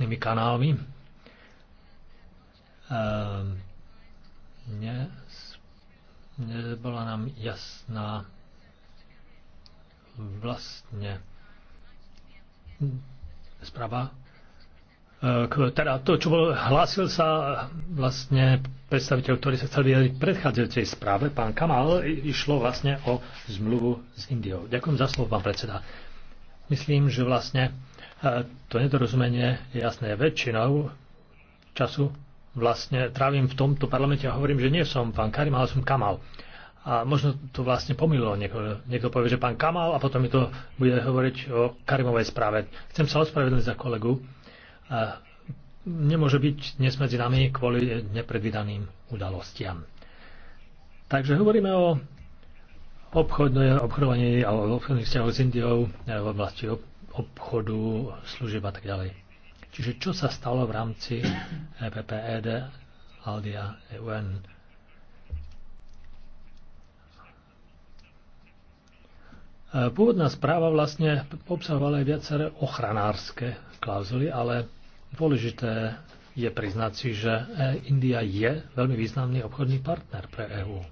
komunikačnými kanálmi. Ehm, ne, nebola nám jasná vlastne správa. Ehm, teda to, čo bol, hlásil sa vlastne predstaviteľ, ktorý sa chcel vyjadriť v predchádzajúcej správe, pán Kamal, išlo vlastne o zmluvu s Indiou. Ďakujem za slovo, pán predseda. Myslím, že vlastne to nedorozumenie je jasné väčšinou času vlastne trávim v tomto parlamente a hovorím, že nie som pán Karim, ale som Kamal. A možno to vlastne pomýlo. niekto. Niekto povie, že pán Kamal a potom mi to bude hovoriť o Karimovej správe. Chcem sa ospravedlniť za kolegu. A nemôže byť dnes medzi nami kvôli nepredvídaným udalostiam. Takže hovoríme o obchodnej obchodovaní a obchodných vzťahoch s Indiou v oblasti obchodu, služeb a tak ďalej. Čiže čo sa stalo v rámci EPPED, Aldia, EUN? E, pôvodná správa vlastne obsahovala aj viaceré ochranárske klauzuly, ale dôležité je priznať si, že e, India je veľmi významný obchodný partner pre eu.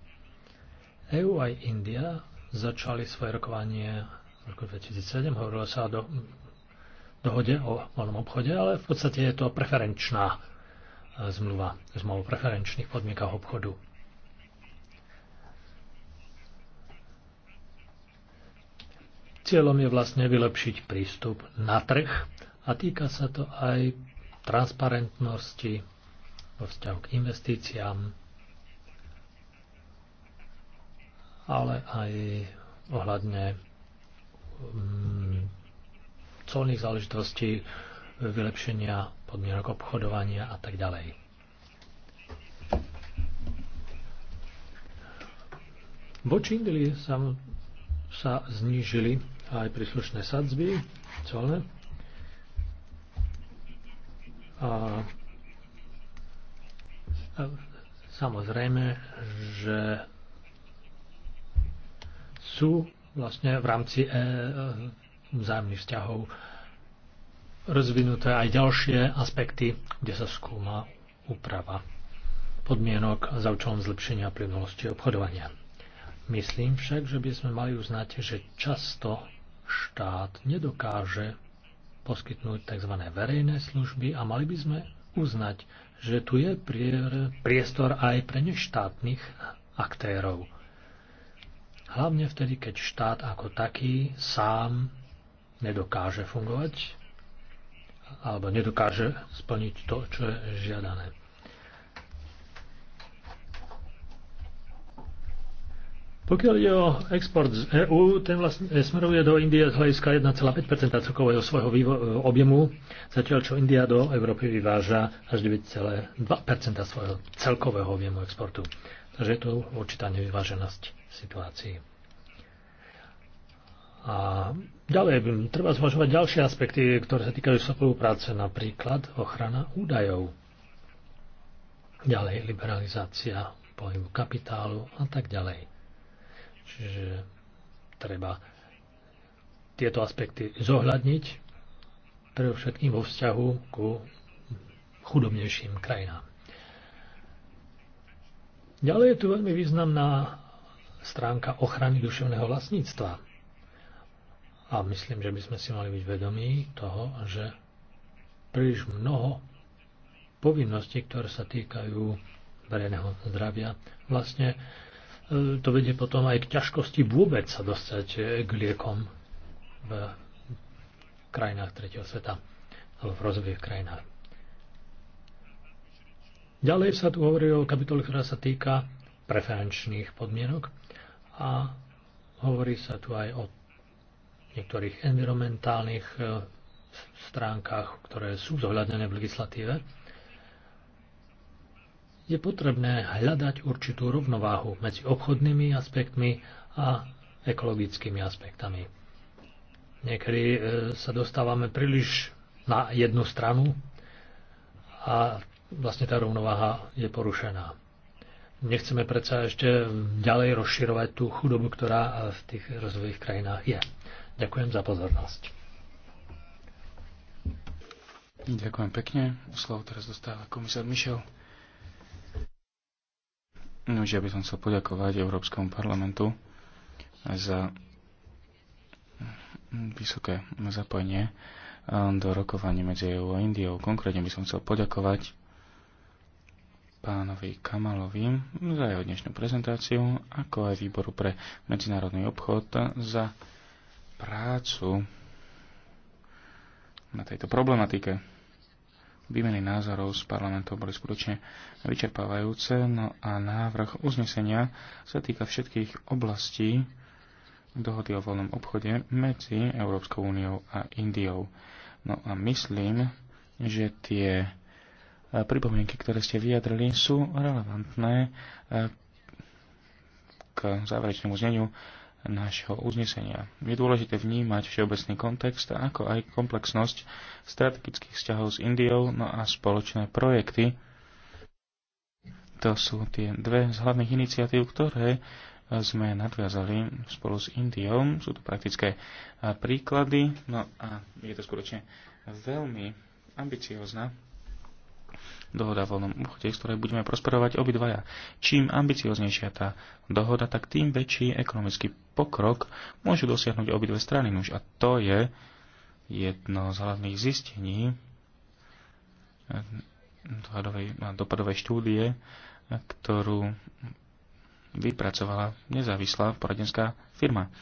EU aj India začali svoje rokovanie v roku 2007. Hovorilo sa o do, dohode o voľnom obchode, ale v podstate je to preferenčná zmluva, e, zmluva o preferenčných podmienkach obchodu. Cieľom je vlastne vylepšiť prístup na trh a týka sa to aj transparentnosti vo vzťahu k investíciám, ale aj ohľadne Mm, colných záležitostí, vylepšenia podmienok obchodovania a tak ďalej. Voči Indii sa, sa znížili aj príslušné sadzby celé. A, a samozrejme, že sú vlastne v rámci e, e, vzájomných vzťahov rozvinuté aj ďalšie aspekty, kde sa skúma úprava podmienok za účelom zlepšenia plynulosti obchodovania. Myslím však, že by sme mali uznať, že často štát nedokáže poskytnúť tzv. verejné služby a mali by sme uznať, že tu je priestor aj pre neštátnych aktérov. Hlavne vtedy, keď štát ako taký sám nedokáže fungovať alebo nedokáže splniť to, čo je žiadané. Pokiaľ ide o export z EÚ, ten vlastne e, smeruje do Indie z hľadiska 1,5 celkového svojho e, objemu, zatiaľ čo India do Európy vyváža až 9,2 svojho celkového objemu exportu. Takže je tu určitá nevyváženosť situácií. A ďalej treba zvažovať ďalšie aspekty, ktoré sa týkajú spolupráce, napríklad ochrana údajov. Ďalej liberalizácia pohybu kapitálu a tak ďalej. Čiže treba tieto aspekty zohľadniť pre všetkým vo vzťahu ku chudobnejším krajinám. Ďalej je tu veľmi významná stránka ochrany duševného vlastníctva. A myslím, že by sme si mali byť vedomí toho, že príliš mnoho povinností, ktoré sa týkajú verejného zdravia, vlastne to vedie potom aj k ťažkosti vôbec sa dostať e, k liekom v krajinách tretieho sveta alebo v rozvojových krajinách. Ďalej sa tu hovorí o kapitole, ktorá sa týka preferenčných podmienok a hovorí sa tu aj o niektorých environmentálnych e, stránkach, ktoré sú zohľadené v legislatíve je potrebné hľadať určitú rovnováhu medzi obchodnými aspektmi a ekologickými aspektami. Niekedy e, sa dostávame príliš na jednu stranu a vlastne tá rovnováha je porušená. Nechceme predsa ešte ďalej rozširovať tú chudobu, ktorá e, v tých rozvojových krajinách je. Ďakujem za pozornosť. Ďakujem pekne. Slovo teraz dostáva komisár Mišel. No, že by som chcel poďakovať Európskom parlamentu za vysoké zapojenie um, do rokovania medzi EU a Indiou. Konkrétne by som chcel poďakovať pánovi Kamalovi za jeho dnešnú prezentáciu, ako aj výboru pre medzinárodný obchod za prácu na tejto problematike výmeny názorov s parlamentom boli skutočne vyčerpávajúce, no a návrh uznesenia sa týka všetkých oblastí dohody o voľnom obchode medzi Európskou úniou a Indiou. No a myslím, že tie e, pripomienky, ktoré ste vyjadrili, sú relevantné e, k záverečnému zneniu nášho uznesenia. Je dôležité vnímať všeobecný kontext, ako aj komplexnosť strategických vzťahov s Indiou, no a spoločné projekty. To sú tie dve z hlavných iniciatív, ktoré sme nadviazali spolu s Indiou. Sú to praktické príklady, no a je to skutočne veľmi ambiciózna dohoda v voľnom obchode, z ktorej budeme prosperovať obidvaja. Čím ambicioznejšia tá dohoda, tak tým väčší ekonomický pokrok môžu dosiahnuť obidve strany. Nuž a to je jedno z hlavných zistení eh, dohadovej, eh, dopadovej štúdie, eh, ktorú vypracovala nezávislá poradenská firma.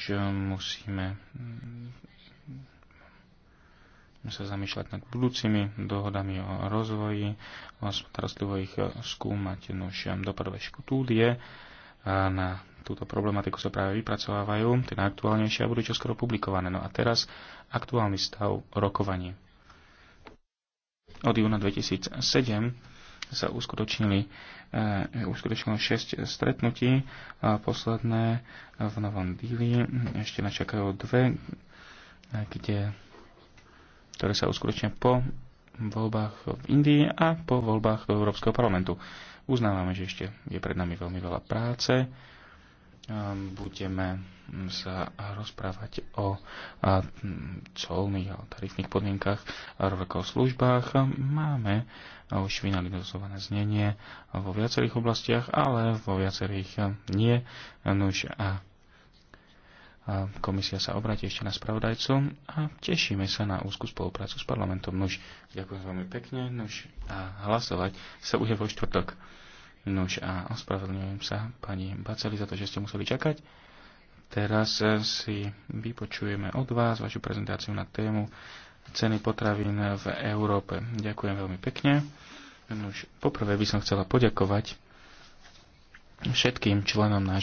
Že musíme hm, sa zamýšľať nad budúcimi dohodami o rozvoji, o starostlivo ich e, skúmať. Nož dopadové štúdie e, na túto problematiku sa práve vypracovávajú, tie najaktuálnejšie a budú čoskoro publikované. No a teraz aktuálny stav rokovanie. Od júna 2007 sa uskutočnili, uh, uskutočnilo 6 stretnutí, a posledné v Novom Díli ešte načakajú dve, kde ktoré sa uskutočnia po voľbách v Indii a po voľbách do Európskeho parlamentu. Uznávame, že ešte je pred nami veľmi veľa práce. Budeme sa rozprávať o colných a tarifných podmienkach a rovnako o službách. Máme už finalizované znenie vo viacerých oblastiach, ale vo viacerých nie. Nuž a a komisia sa obráti ešte na spravodajcu a tešíme sa na úzku spoluprácu s parlamentom. Nuž, ďakujem veľmi pekne, nuž a hlasovať sa bude vo štvrtok. Nuž a ospravedlňujem sa pani Baceli za to, že ste museli čakať. Teraz e, si vypočujeme od vás vašu prezentáciu na tému ceny potravín v Európe. Ďakujem veľmi pekne. Nuž, poprvé by som chcela poďakovať všetkým členom nášho